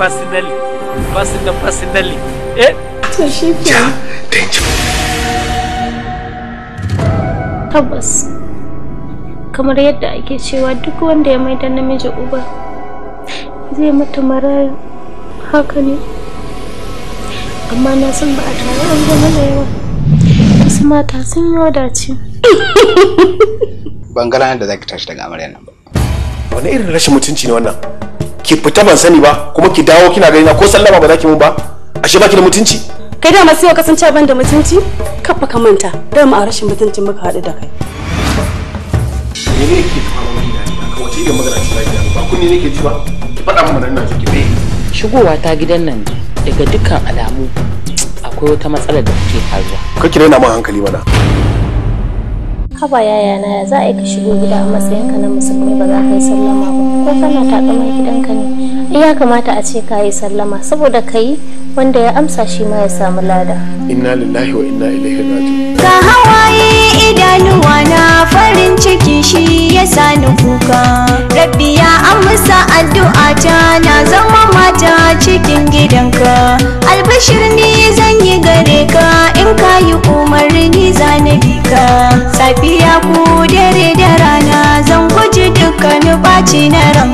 personally personal personally eh to shi ke tabbas kamar yadda ake cewa duk wanda ya maida namiji uba zai mata maraya haka ne amma na san ba a tare an zama da yawa wasu mata sun yi wadace ban galanar da zaki tashi daga amarya nan ba wani irin rashin mutunci ne wannan ki fita ban sani ba kuma ki dawo kina ganina ko sallama ba za ki mun ba ashe baki da mutunci kai da masu kasance ban da mutunci kafa ka manta da mu a rashin mutuncin muka haɗu da kai me ne yake kawo mun da ka wace irin magana ce zaki ba kunni nake ji ba ki faɗa mun nan ki me shigowa ta gidan nan daga dukkan alamu akwai wata matsalar da kuke faruwa kake raina mun hankali mana haba yaya na za a yi ka shigo gida a matsayinka na musulmi ba za ka yi sallama ba ko kana takamar gidanka ya kamata a ce kayi sallama saboda kayi wanda ya amsa shi ma ya samu lada inna lillahi wa inna ilaihi raji'un ka hawaye idanuwa na farin ciki shi ya sani kuka rabbi ya amsa addu'a ta na zama mata cikin gidanka albashir ni zan yi gare ka in ka yi umarni zani bi ka safiya ku dare da rana zan guji dukkan baci na ran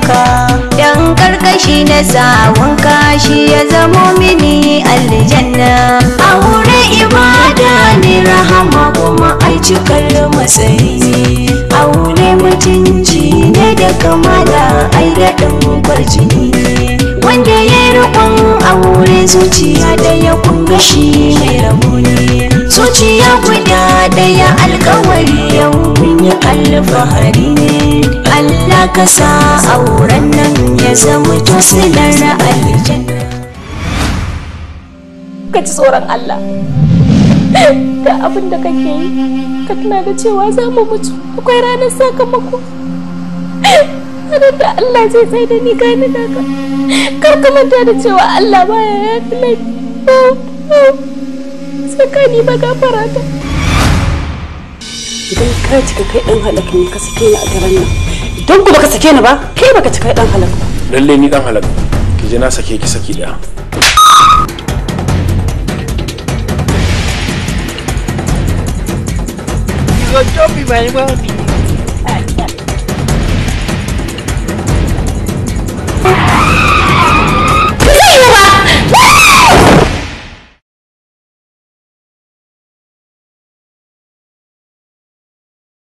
kashi na sawun kashi ya zama mini aljanna a aure ibada ne rahama kuma ai cikar matsayi ne aure mutunci ne da kamala ai daɗin kwarjini ne wanda ya yi a aure zuciya da ya kunga shi mai rabu ne zuciya guda da ya alkawari yau mun yi alfahari ne Allah ka sa ka zama to silar na ka ci tsoron Allah da abin da kake yi ka tuna da cewa za mu mutu akwai ranar sakamako da Allah zai tsaye da ni gani da ka kar da cewa Allah baya ya fi laifi tsakani ba gafara ta idan ka cika kai dan halaka ne ka sake ni a daren nan idan kuma ka sake ni ba kai baka cika kai dan halaka ba lalle ni dan halak ki je na sake ki saki daya ki got jobi be my